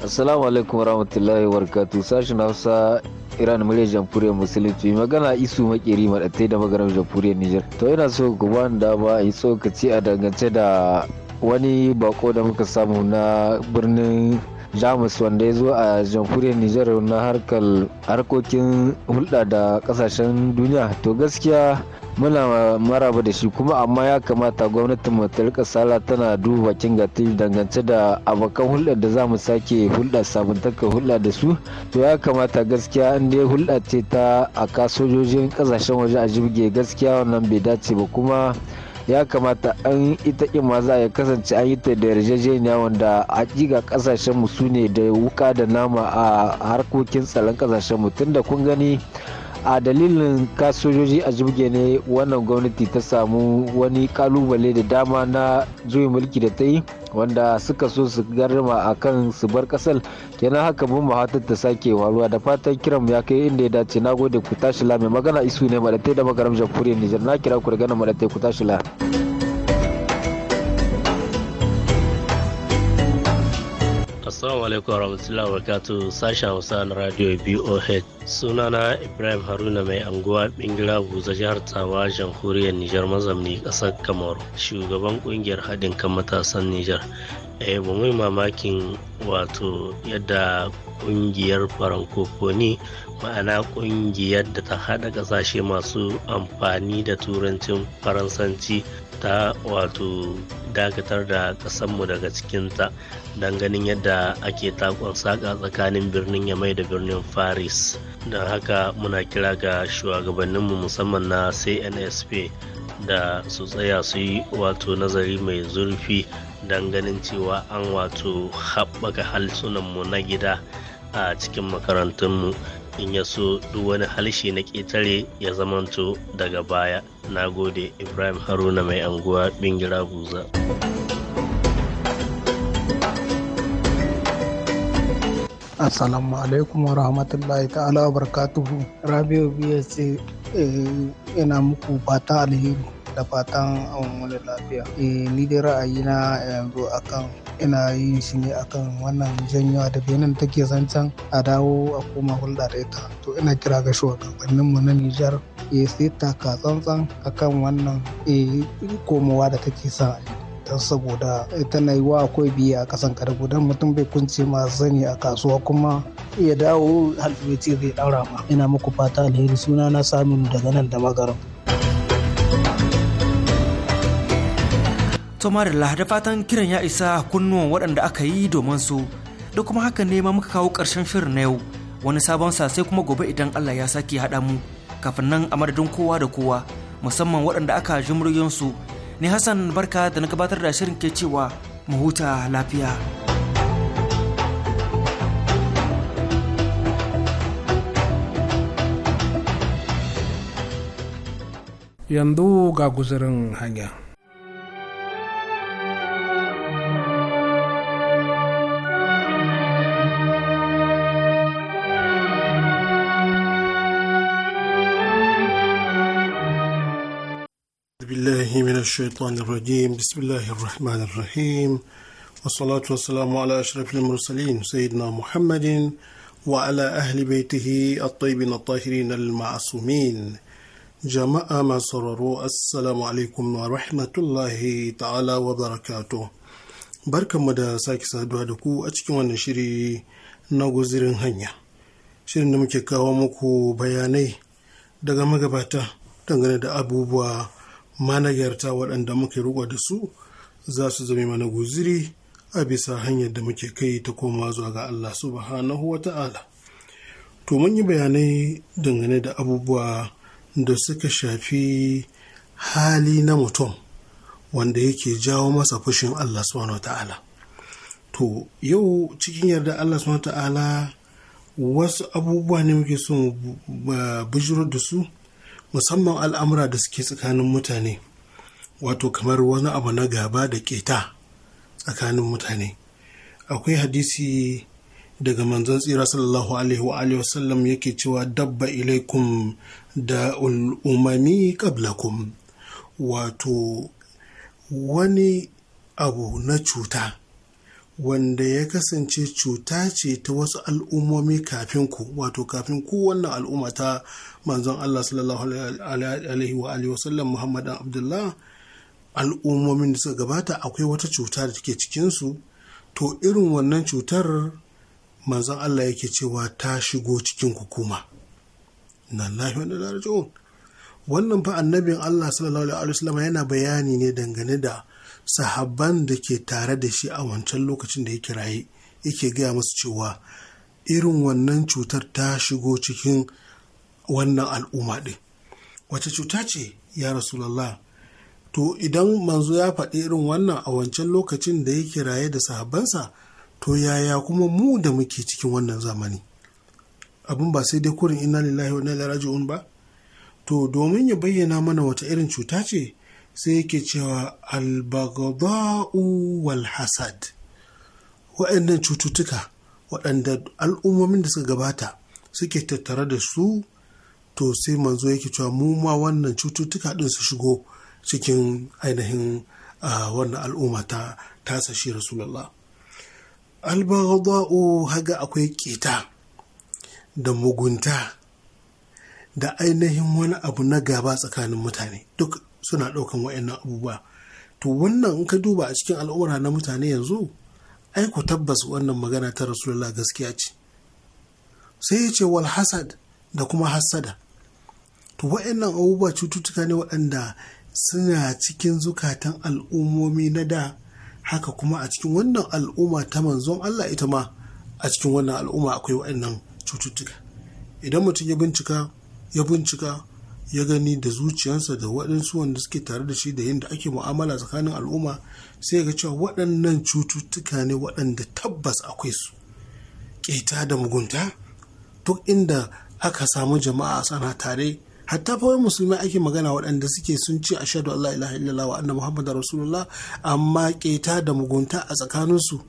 Assalamu alaikum warahmatullahi sashen Hausa Iran muryar jamhuriyar musulunci magana isu makeri maɗatai da magaram jamhuriyar Nijar. To yana so ku ba dama yi tsokaci a dangance da wani bako da muka samu na birnin jamus wanda ya zo a jamhuriyar nijar na harkar harkokin hulɗa da ƙasashen duniya to gaskiya muna maraba da shi kuma amma ya kamata gwamnatin mu ta sala tana duba kin gatif dangance da abokan hulɗar da za mu sake hulɗa sabuntakar hulɗa da su to ya kamata gaskiya in dai hulɗa ce ta a sojojin ƙasashen waje a jibge gaskiya wannan bai dace ba kuma ya kamata an ita ima za ya kasance an yi ta da yarjejeniya wanda hakika kasashen mu su ne da wuka da nama a harkokin tsaron kasashen mu tunda kun gani a dalilin sojoji a zubge ne wannan gwamnati ta samu wani kalubale da dama na zuwa mulki da ta yi wanda suka so su garma a kan su bar kasar kenan haka mun mahatar ta sake waluwa da fatan kiran ya kai inda ya dace na gode ku tashi la mai magana isu ne madatai da magaram jamhuriyar nijar na kira ku daga nan madatai ku tashi la. Assalamu alaikum warahmatullahi wabarakatuh sashen Hausa na Radio BOH. Sunana Ibrahim Haruna mai anguwa Bingila Buza jihar Tawa jamhuriyar Nijar mazamni kasar Kamaru. Shugaban kungiyar haɗin kan matasan Nijar. Eh ba mu mamakin wato yadda kungiyar Farankofoni ma'ana ƙungiyar da ta haɗa ƙasashe masu amfani da turancin faransanci ta wato dakatar da kasanmu daga cikinta don ganin yadda ake takon saƙa tsakanin birnin yamai da birnin paris don haka muna kira ga shugabanninmu musamman na cnsp da su tsaya su yi wato nazari mai zurfi don ganin cewa an wato haɓaka halsunanmu na gida a cikin makarantunmu in ya so duk wani halshe na ƙetare ya zamanto daga baya na gode ibrahim haruna mai anguwa bingira buza Assalamu alaikum wa rahmatullahi ta'ala wa barakatuhu. Rabiu biya ce eh, ina muku fata alheri. da fatan an wani lafiya eh ni dai ra'ayina yanzu akan ina yin shi ne akan wannan janyawa da benin take zancen a dawo a koma hulɗa da ita to ina kira ga mu na nijar ya eh, sai taka tsantsan akan wannan eh, komowa da take sa don saboda ita yi wa akwai biya a kasan karbu don mutum bai kunce ma zani a kasuwa kuma ya dawo halbe ce zai daura ma ina muku fata alheri suna na samun daga nan da magaram tomarilla da fatan kiran ya isa kunnuwan waɗanda aka yi domin su da kuma haka ne ma muka kawo ƙarshen shirin na yau wani sabon sa sai kuma gobe idan Allah ya sake haɗa mu kafin nan a madadin kowa da kowa musamman waɗanda aka ji su ne Hassan barka da na gabatar da shirin ke cewa mu huta lafiya. Yanzu ga guzurin hanya. الشيطان الرجيم بسم الله الرحمن الرحيم والصلاة والسلام على أشرف المرسلين سيدنا محمد وعلى أهل بيته الطيبين الطاهرين المعصومين جماعة ما سرروا السلام عليكم ورحمة الله تعالى وبركاته بركة مدى ساكي سادوا دكو أتكي نشري نغزرين هنيا shirin da muke kawo muku bayanai daga magabata dangane da abubuwa managarta waɗanda muke ruwa da su za su zame mana guziri a bisa hanyar da muke kai ta koma zuwa ga Allah subhanahu wa ta'ala. To mun yi bayanai dangane da abubuwa da suka shafi hali na mutum wanda yake jawo masa fushin Allah subhanahu wa ta'ala. To yau cikin yarda Allah subhanahu wa ta'ala wasu abubuwa ne muke son bujiro da su musamman al'amura da suke tsakanin mutane wato kamar wani abu na gaba da keta tsakanin mutane akwai hadisi daga manzon tsira sallallahu alaihi wa alihi wasallam yake cewa dabba ilaikum da umami qablakum wato wani abu na cuta wanda ya kasance cuta ce ta wasu al'ummomi kafin ku wato kafin ku wannan al'umma ta manzon Allah sallallahu alaihi wa alihi wasallam Muhammadan Abdullah al'ummomin da suka gabata akwai wata cuta da take cikin su to irin wannan cutar manzon Allah yake cewa ta shigo cikin ku kuma na lahi wannan fa annabin Allah sallallahu alaihi sallam yana bayani ne dangane da sahabban da ke tare da shi a wancan lokacin da yake raye yake gaya musu cewa irin wannan cutar ta shigo cikin wannan al'umma ɗin wace cuta ce ya rasulallah to idan manzo ya faɗi irin wannan a wancan lokacin da yake raye da sahabbansa to yaya kuma mu da muke cikin wannan zamani abin ba sai dai kurin ina lillahi wa ba to domin ya bayyana mana wata irin cuta ce sai yake cewa albagada'u wal hasad waɗannan cututtuka waɗanda al'ummomin da suka gabata suke tattare da su to sai manzo yake cewa mu ma wannan cututtuka ɗin su shigo cikin ainihin wannan al'umma ta tasa shi rasulallah albagada'u haga akwai ƙeta da mugunta da ainihin wani abu na gaba tsakanin mutane duk suna ɗaukan wa'annan abubuwa to wannan in ka duba a cikin al'umma na mutane yanzu ai ku tabbas wannan magana ta rasulullah gaskiya ce sai ya ce wal hasad da kuma hassada to wa'annan abubuwa cututtuka ne waɗanda suna cikin zukatan al'ummomi na da haka kuma a cikin wannan al'umma ta manzon Allah ita ma a cikin wannan al'umma akwai waɗannan cututtuka idan mutum ya bincika ya bincika ya gani da zuciyarsa da waɗansu wanda suke tare da shi da yadda ake mu'amala tsakanin al'umma sai ga cewa waɗannan cututtuka ne waɗanda tabbas akwai su ƙeta da mugunta duk inda aka samu jama'a sana tare hatta fa musulmi ake magana waɗanda suke sun ce ashhadu Allah ilaha illallah wa anna muhammadar rasulullah amma ƙeta da mugunta a tsakanin su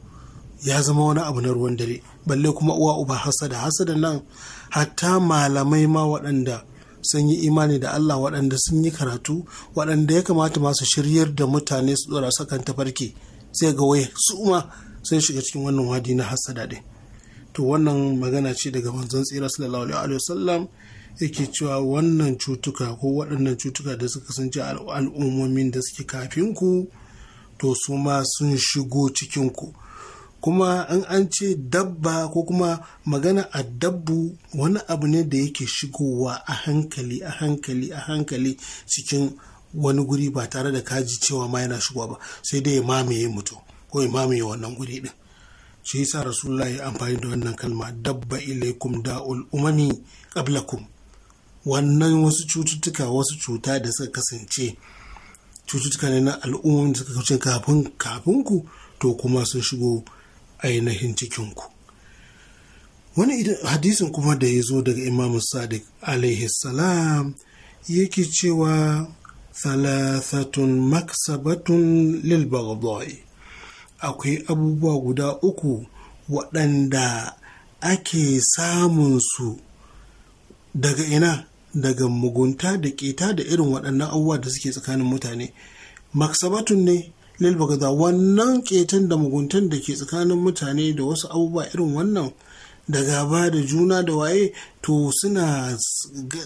ya zama wani abu na ruwan dare balle kuma uwa uba hasada hasada nan hatta malamai ma waɗanda sun yi imani da Allah waɗanda sun yi karatu waɗanda ya kamata masu shiryar da mutane su ɗora sakan tafarki sai ga wai su ma sun shiga cikin wannan wadi na hassada ɗin to wannan magana ce daga manzon tsira sallallahu alaihi wasallam yake cewa wannan cutuka ko waɗannan cutuka da suka ji al'ummomin da suke kafin ku to su ma sun shigo cikin ku kuma an an ce dabba ko kuma magana a dabbu wani abu ne da yake shigowa a hankali a hankali a hankali cikin wani guri ba tare da kaji cewa ma yana shigowa ba sai dai ya mamaye mutum ko ya mamaye wannan guri din shi yasa rasulullah ya amfani da wannan kalma dabba ilaikum da'ul umami qablakum wannan wasu cututtuka wasu cuta da suka kasance cututtuka ne na al'ummomin da suka kasance kafin ku to kuma sun shigo ainihin cikinku wani hadisin kuma da ya zo daga Imam sadiq alaihi salam yake cewa thalathatun maksabatun lil akwai abubuwa guda uku waɗanda ake samun su daga ina daga mugunta da ƙeta da irin waɗannan abubuwa da suke tsakanin mutane maksabatun ne lil wannan ƙetan da muguntan da ke tsakanin mutane da wasu abubuwa irin wannan da ba da juna da waye to suna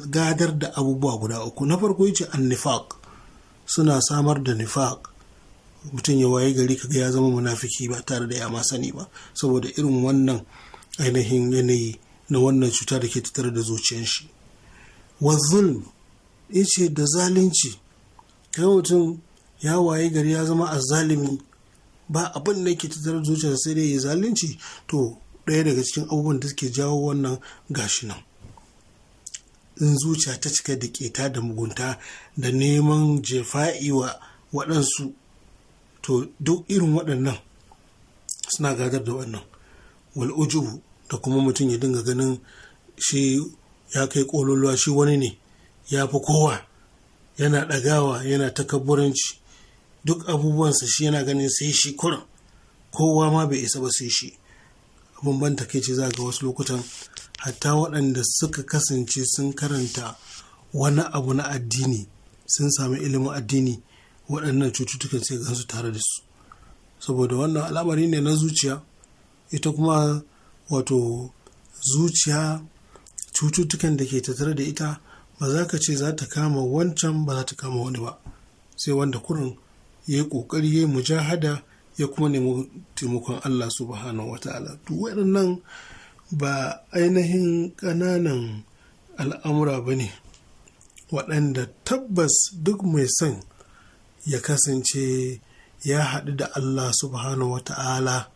gadar da abubuwa guda uku na farko yace annifaq suna samar da nifaq mutum ya waye gari kaga ya zama munafiki ba tare da ya ma sani ba saboda irin wannan ainihin yanayi na wannan cuta da ke tattare da zuciyar shi wa zulm yace da zalunci kai mutum ya waye gari ya zama azzalimi ba abin da ke tattara zuciyarsa sai dai ya zalunci to ɗaya daga cikin abubuwan da suke jawo wannan gashi nan in zuciya ta cika da keta da mugunta da neman jefa'i wa waɗansu to duk irin waɗannan suna gadar da wannan wal'ujubu da kuma mutum ya dinga ganin shi ya kai ƙololuwa shi wani ne ya fi kowa yana ɗagawa yana takabburanci duk abubuwansa shi yana ganin sai shi kurin kowa ma bai isa ba sai shi abin ban takaici za ga wasu lokutan hatta waɗanda suka kasance sun karanta wani abu na addini sun sami ilimin addini waɗannan cututtukan sai gansu tare da su saboda wannan al'amari ne na zuciya ita kuma wato zuciya cututtukan da ke tattare da ita ba za ka ce za ta kama wancan ba za ta kama wani ba sai wanda kurin ya yi ƙoƙari ya yi mujahada ya kuma nemi taimakon Allah subhanahu wa ta'ala waɗannan ba ainihin ƙananan al'amura ba ne waɗanda tabbas duk mai son ya kasance ya haɗu da Allah subhanahu wa ta'ala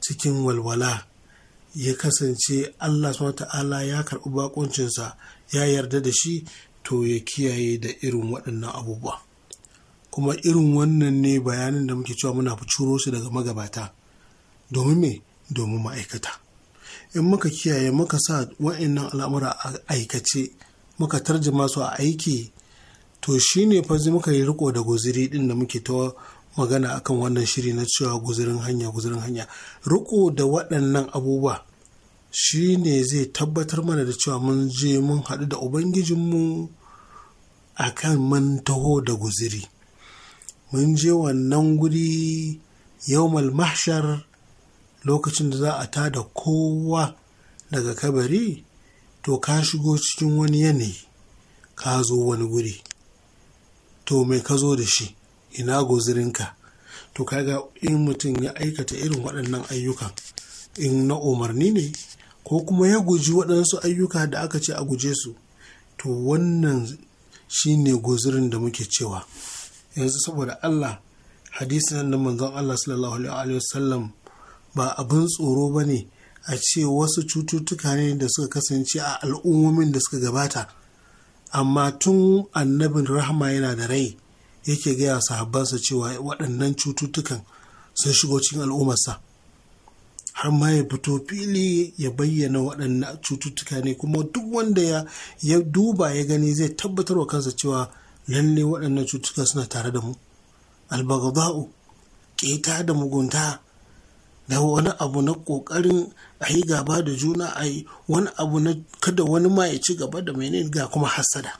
cikin walwala ya kasance Allah subhanahu wa ta'ala ya karɓi baƙuncinsa ya yarda da shi to ya kiyaye da irin waɗannan abubuwa. kuma irin wannan ne bayanin da muke cewa muna ciro su daga magabata domin me domin ma'aikata in muka kiyaye muka sa wa'annan al'amura a aikace muka tarjima su a aiki to shine fa muka yi riko da guziri din da muke ta magana akan wannan shiri na cewa guzirin hanya guzirin hanya riko da waɗannan abubuwa shi ne zai tabbatar mana da cewa mun je mun haɗu da ubangijinmu a kan mantaho da guziri mun je wannan guri yawmal mahshar lokacin da za a tada kowa daga kabari to ka shigo cikin wani yanayi ka zo wani guri to mai ka zo da shi ina gozirinka to kaga in mutum ya aikata irin waɗannan ayyukan in na umarni ne ko kuma ya guji waɗansu ayyuka da aka ce a guje su to wannan shine gozirin da muke cewa yanzu saboda Allah hadisi nan manzon Allah sallallahu alaihi wasallam ba abin tsoro ba ne a ce wasu cututtuka ne da suka kasance a al'ummomin da suka gabata amma tun annabin rahama yana da rai yake gaya sahabbansa cewa waɗannan cututtukan sun shigo cikin al'ummarsa har ma ya fito fili ya bayyana waɗannan cututtuka ne kuma duk wanda ya duba ya gani zai tabbatar wa kansa cewa lalle waɗannan cutuka suna tare da mu albagada'u keta da mugunta da wani abu na ƙoƙarin a yi gaba da juna a yi wani abu na kada wani ma ya ci gaba da menene ga kuma hassada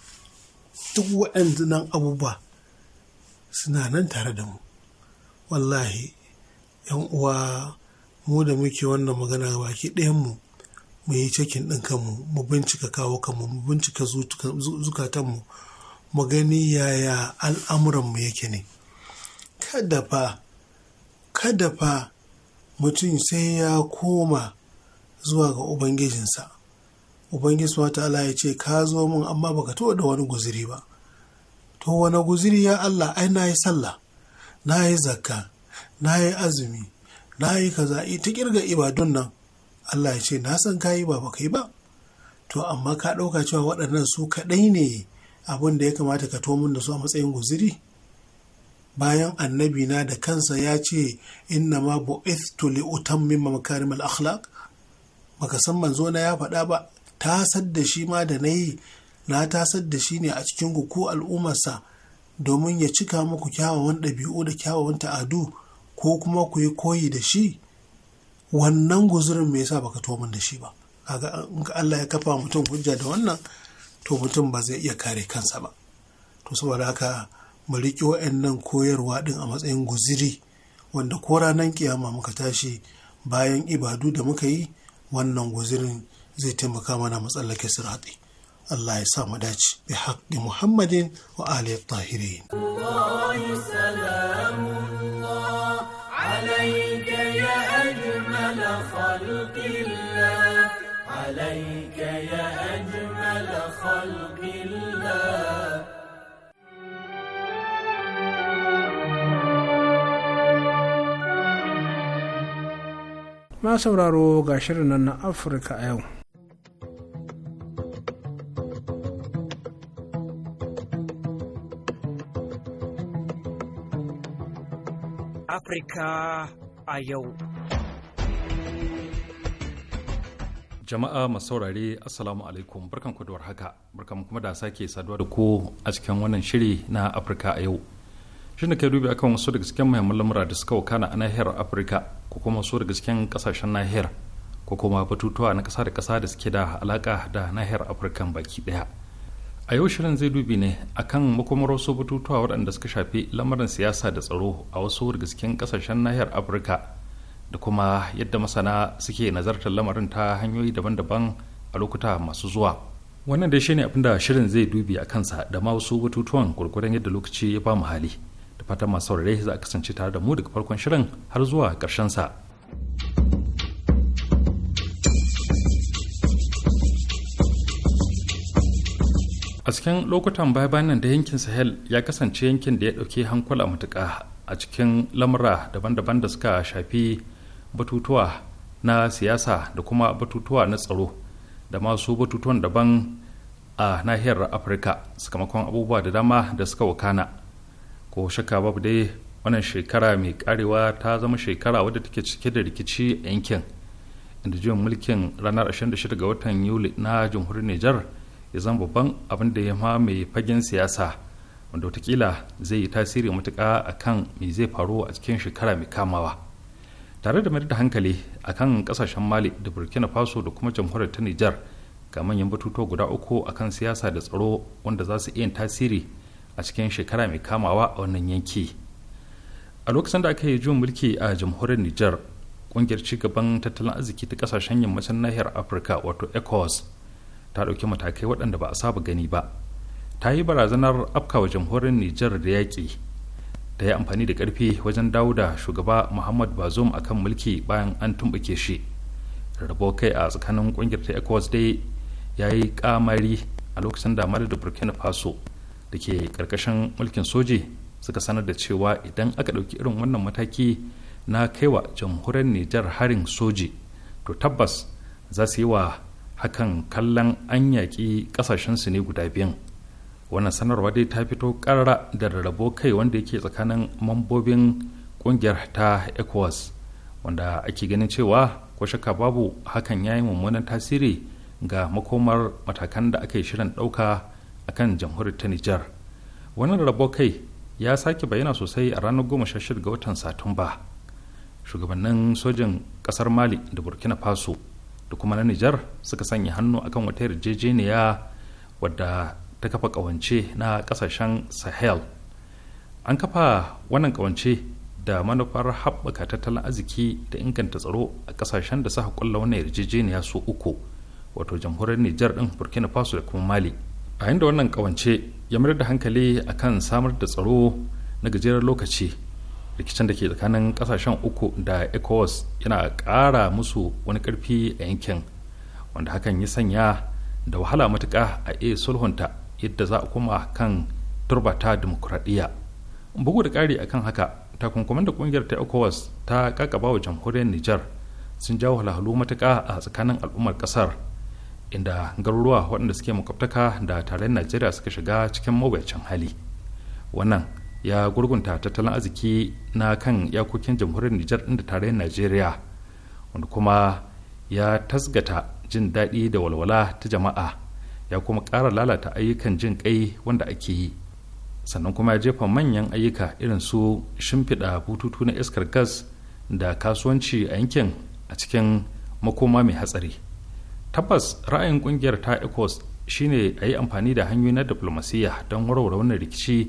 duk waɗannan abubuwa suna nan tare da mu wallahi yan uwa mu da muke wannan magana baki ɗayanmu mu yi cikin ɗin kanmu mu bincika kawo kanmu mu bincika zukatanmu mu gani yaya al'amuranmu yake ne kada fa kada fa mutum sai ya koma zuwa ga ubangijinsa ubangiji wa ta'ala ya ce ka zo mun amma baka to da wani guziri ba to wani guziri ya Allah ai na yi sallah na yi zakka na yi azumi na yi kaza ta ƙirga ibadun nan Allah ya ce na san ka yi ba baka yi ba to amma ka ɗauka cewa waɗannan su kaɗai ne abin da ya kamata ka to mun da su a matsayin guziri bayan annabi na da kansa ya ce inna ma bu'ithtu li utammima makarim al akhlaq baka san manzo na ya faɗa ba ta sadda shi ma da nayi na ta sadda shi ne a cikin ku ko al'ummarsa domin ya cika muku kyawawan ɗabi'u da kyawawan ta'adu ko kuma ku yi koyi da shi wannan guzurin me yasa baka to mun da shi ba kaga in Allah ya kafa mutum hujja da wannan to mutum ba zai iya kare kansa ba to saboda haka mu riƙe wa'annan koyarwa ɗin a matsayin guziri wanda ko ranar kiyama muka tashi bayan ibadu da muka yi wannan guzirin zai taimaka mana matsalake sirati Allah ya sa mu dace bi haƙƙi Muhammadin wa alihi tahirin Allahu salamu Na sauraro ga shirin nan na afirka a yau afirka a yau jama'a masaurare assalamu alaikum barkan ku da haka, barkan kuma da sake saduwa da ku a cikin wannan shiri na afirka a yau Shi da kai dubi akan wasu daga cikin muhimman lamura da suka wakana a nahiyar afirka ko kuma su daga cikin kasashen nahiyar ko kuma batutuwa na ƙasa da kasa da suke da alaka da nahiyar afirka baki ɗaya a yau shirin zai dubi ne akan makomar wasu batutuwa waɗanda suka shafi lamarin siyasa da tsaro a wasu daga cikin ƙasashen nahiyar afirka da kuma yadda masana suke nazartar lamarin ta hanyoyi daban-daban a lokuta masu zuwa wannan dai shine abin da shirin zai dubi a kansa da ma wasu batutuwan gurguran yadda lokaci ya ba mu hali da fatan masu saurare za a kasance tare da mu daga farkon shirin har zuwa ƙarshen sa. a cikin lokutan baya-bayan da yankin sahel ya kasance yankin da ya ɗauki hankula matuƙa a cikin lamura daban-daban da suka shafi batutuwa na siyasa da kuma batutuwa na tsaro da masu batutuwan daban a nahiyar afirka sakamakon abubuwa da dama da suka wakana ko shaka babu dai wannan shekara mai karewa ta zama shekara wadda take cike da rikici a yankin inda juyin mulkin ranar 26 ga watan yuli na jamhuriyar nijar ya zama babban abin da ya ma mai fagen siyasa wanda watakila zai yi tasiri matuka a kan me zai faru a cikin shekara mai kamawa tare da mayar da hankali a kan kasashen mali da burkina faso da kuma jamhuriyar ta nijar ga manyan batutuwa guda uku a kan siyasa da tsaro wanda za su iya tasiri a cikin shekara mai kamawa a wannan yanki a lokacin da aka yi juyin mulki a jamhuriyar niger kungiyar cigaban tattalin arziki ta kasashen yammacin nahiyar afirka wato ecos ta ɗauki matakai waɗanda ba a saba gani ba ta yi barazanar afkawa jamhuriyar niger da yaƙi ta yi amfani da ƙarfi wajen dawo da shugaba muhammad bazoum akan mulki bayan an tumɓuke shi rabo kai a tsakanin kungiyar ta ecos dai ya yi kamari a lokacin da madadin da burkina faso da ke karkashin mulkin soji suka sanar da cewa idan aka ɗauki irin wannan mataki na kaiwa jamhuriyar nijar harin soji to tabbas za su yi wa hakan kallon an yaƙi ƙasashensu ne guda biyan wannan sanarwa dai ta fito ƙarara da rarrabo kai wanda yake tsakanin mambobin ƙungiyar ta ecowas wanda ake ganin cewa ko shakka babu hakan ya yi mummunan tasiri ga makomar matakan da aka yi shirin ɗauka a kan jamhuriyar ta nijar wani rabo kai ya sake bayyana sosai a ranar goma shida ga watan satumba shugabannin sojin kasar mali da burkina faso da kuma na nijar suka sanya hannu akan wata yarjejeniya wadda ta kafa kawance na kasashen sahel an kafa wannan kawance da manufar haɓaka tattalin arziki da inganta tsaro a kasashen da suka kulla wannan yarjejeniya su uku wato jamhuriyar nijar ɗin burkina faso da kuma mali a yayin da wannan kawance ya mayar da hankali akan samar da tsaro na gajeren lokaci rikicin da ke tsakanin kasashen uku da ecowas yana ƙara musu wani karfi a yankin wanda hakan ya sanya da wahala matuka a iya sulhunta yadda za a koma kan turbata dimokuraɗiyya bugu da ƙari akan haka takunkumin da ƙungiyar ta ecowas ta ƙaƙaba wa jamhuriyar niger sun jawo halhalu matuka a tsakanin al'ummar ƙasar inda garuruwa waɗanda suke makwabtaka da tarayyar najeriya suka shiga cikin mawuyacin hali wannan ya gurgunta tattalin arziki na kan iyakokin jamhuriyar nijar inda tarayyar najeriya wanda kuma ya tasgata jin daɗi da walwala ta jama'a ya kuma ƙara lalata ayyukan jin ƙai wanda ake yi sannan kuma ya jefa manyan ayyuka irin su shimfiɗa bututu na iskar gas da kasuwanci a yankin a cikin makoma mai hatsari tabbas ra'ayin kungiyar ta ecos shine a yi amfani da hanyoyi na diflomasiyya don warware wannan rikici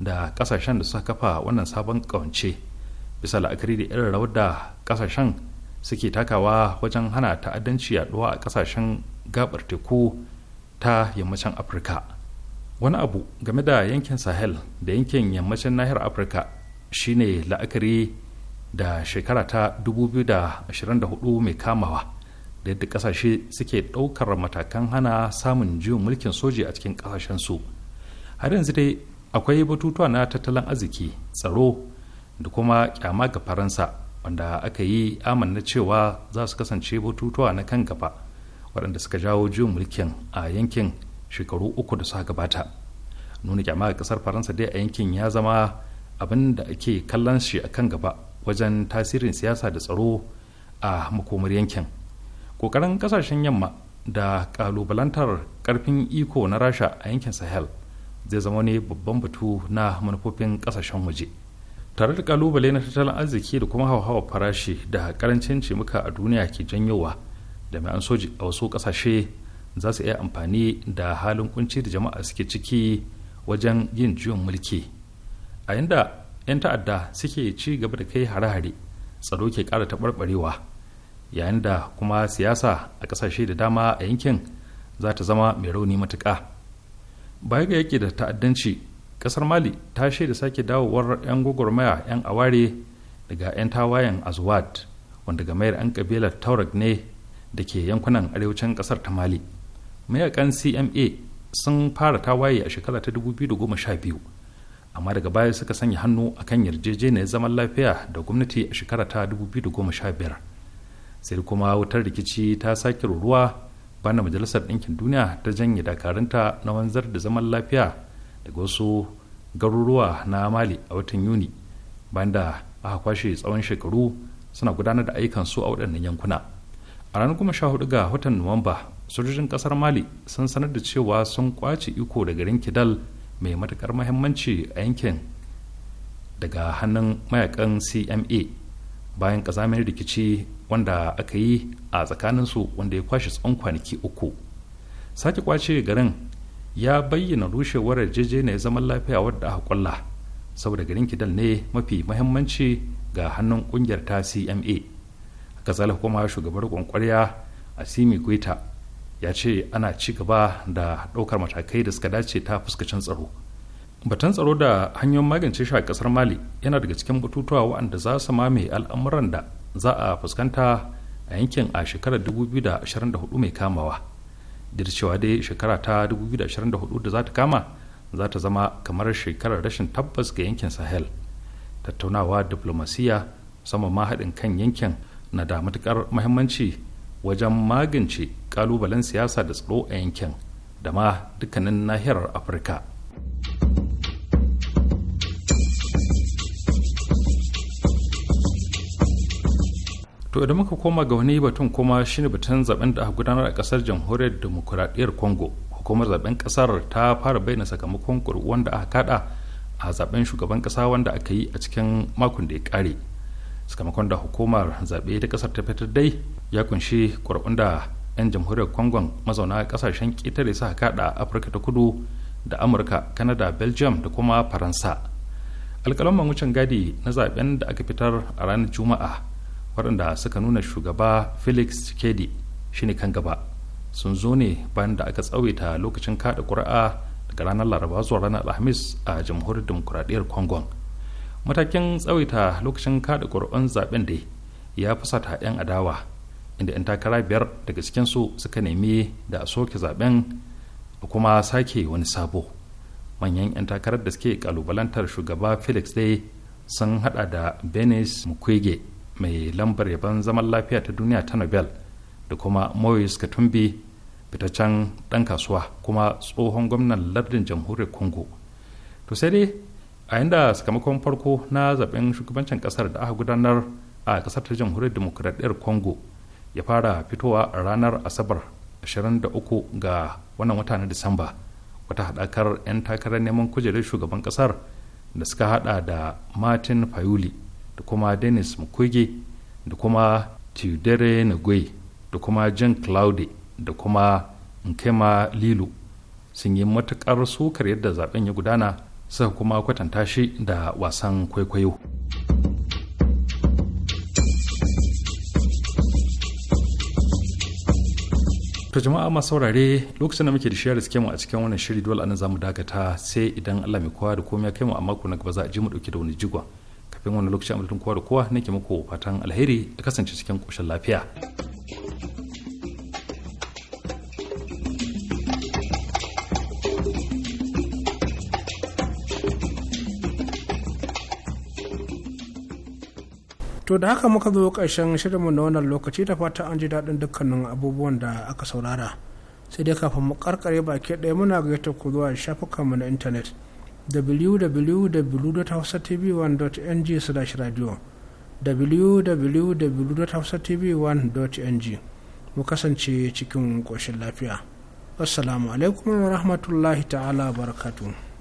da kasashen da suka kafa wannan sabon kawance bisa la'akari da irin rawar da kasashen suke takawa wajen hana ta'addanci yaduwa a kasashen gabar teku ta yammacin afirka wani abu game da yankin sahel da yankin yammacin nahiyar afirka shine la'akari da shekara ta 2024 mai kamawa da yadda kasashe suke ɗaukar matakan hana samun juyin mulkin soji a cikin su har yanzu dai akwai batutuwa na tattalin arziki tsaro da kuma kyama ga faransa wanda aka yi amanna cewa za su kasance batutuwa na kan gaba waɗanda suka jawo juyin mulkin a yankin shekaru uku da suka gabata nuna kyama ga ƙasar faransa dai a yankin ya zama abin da ake kallon shi a kan gaba wajen tasirin siyasa da tsaro a makomar yankin ƙoƙarin ƙasashen yamma da ƙalubalantar ƙarfin iko na rasha a yankin sahel zai zama ne babban batu na manufofin ƙasashen waje tare da ƙalubale na tattalin arziki da kuma hauhawa farashi da karancin cimuka a duniya ke janyowa da mai soji a wasu ƙasashe za su iya amfani da halin kunci da jama'a suke ciki wajen yin juyin mulki a yanda 'yan ta'adda suke ci gaba da kai hare-hare tsaro ke ƙara taɓarɓarewa yayin da kuma siyasa a ƙasashe da dama a yankin za ta zama mai rauni matuƙa baya ga yake da ta'addanci ƙasar mali ta shaida sake dawowar 'yan gwagwarmaya 'yan aware daga 'yan tawayen azuwad wanda gamayar 'yan kabilar taurag ne da ke yankunan arewacin ƙasar ta mali mayakan cma sun fara tawaye a shekara ta 2012 amma daga baya suka sanya hannu akan yarjejeniyar zaman lafiya da gwamnati a shekara ta 2015 sai kuma wutar rikici ta sake ruruwa bana majalisar ɗinkin duniya ta janye dakarunta na wanzar da zaman lafiya daga wasu garuruwa na mali a watan yuni banda aka kwashe tsawon shekaru suna gudanar da ayyukan su a waɗannan yankuna a ranar goma sha hudu ga watan nuwamba sojojin ƙasar mali sun sanar da cewa sun kwace iko da garin kidal mai matuƙar mahimmanci a yankin daga hannun mayakan cma bayan ƙazamin rikici wanda aka yi a tsakanin su wanda ya kwashe tsawon kwanaki uku sake kwace garin ya bayyana rushewar jeje yarjejeniyar zaman lafiya wadda aka kulla saboda garin kidal ne mafi mahimmanci ga hannun kungiyar ta cma kazalika kuma shugabar kwankwarya asimi guita ya ce ana ci gaba da ɗaukar matakai da suka dace ta fuskacin tsaro batun tsaro da hanyoyin magance shi a kasar mali yana daga cikin batutuwa waɗanda za su mame al'amuran da za a fuskanta a yankin a shekarar 2024 mai kamawa da cewa dai shekara ta 2024 da za ta kama za ta zama kamar shekarar rashin tabbas ga yankin sahel tattaunawa diplomasiya musamman ma haɗin kan yankin na da matuƙar mahimmanci wajen magance ƙalubalen siyasa da tsaro a yankin da ma dukkanin nahiyar afirka to idan muka koma ga wani batun kuma shine batun zaben da aka gudanar a kasar jamhuriyar demokuraɗiyyar congo hukumar zaben kasar ta fara bayyana sakamakon kurwan da aka kada a zaben shugaban kasa wanda aka yi a cikin makon da ya kare sakamakon da hukumar zaɓe ta kasar ta fitar dai ya kunshi kurwan da 'yan jamhuriyar congo mazauna kasashen ƙetare suka kada afirka ta kudu da amurka canada belgium da kuma faransa alƙalan wucin gadi na zaben da aka fitar a ranar juma'a waɗanda suka nuna shugaba felix shi shine kan gaba sun zo ne bayan da aka tsawaita lokacin kaɗa ƙuri'a daga ranar laraba zuwa ranar alhamis a jamhuriyar demokuraɗiyyar congo matakin tsawaita lokacin kaɗa ƙuri'un zaɓen da ya fusata 'yan adawa inda 'yan takara biyar daga su suka nemi da a soke zaɓen da kuma sake wani sabo manyan 'yan takarar da suke kalubalantar shugaba felix dai sun hada da benis mukwege mai lambar yaban zaman lafiya ta duniya ta nobel da kuma moise katumbi fitaccen ɗan kasuwa kuma tsohon gwamnan lardin jamhuriyar congo to sai dai a yanda sakamakon farko na zaben shugabancin kasar da aka gudanar a kasar ta jamhuriyar demokuraɗiyar congo ya fara fitowa a ranar asabar 23 ga wannan wata na disamba wata haɗakar 'yan takarar neman kujerar shugaban kasar da suka hada da martin fayuli da kuma dennis mukwege da kuma tudere nagwe da kuma jean claude da kuma nkema lilo sun yi matukar sukar yadda zaben ya gudana suka kuma kwatanta shi da wasan kwaikwayo to jama'a masu saurare lokacin da muke da shiyar mu a cikin wannan shiri dole anan zamu dakata sai idan Allah mai kowa da komai kai mu a mako na gaba za a je mu dauke da wani jigon kafin wani lokaci a madadin kowa da kowa nake muku fatan alheri da kasance cikin koshin lafiya to da haka muka zo ƙarshen shirinmu na wannan lokaci da fata an ji daɗin dukkanin abubuwan da aka saurara sai dai kafin mu karkare baki ɗaya muna gaita ku zuwa shafukanmu na intanet www.hausatv1.ng slash radio www.hausatv1.ng mu kasance cikin ƙoshin lafiya assalamu alaikum wa rahmatullahi ta'ala barakatu.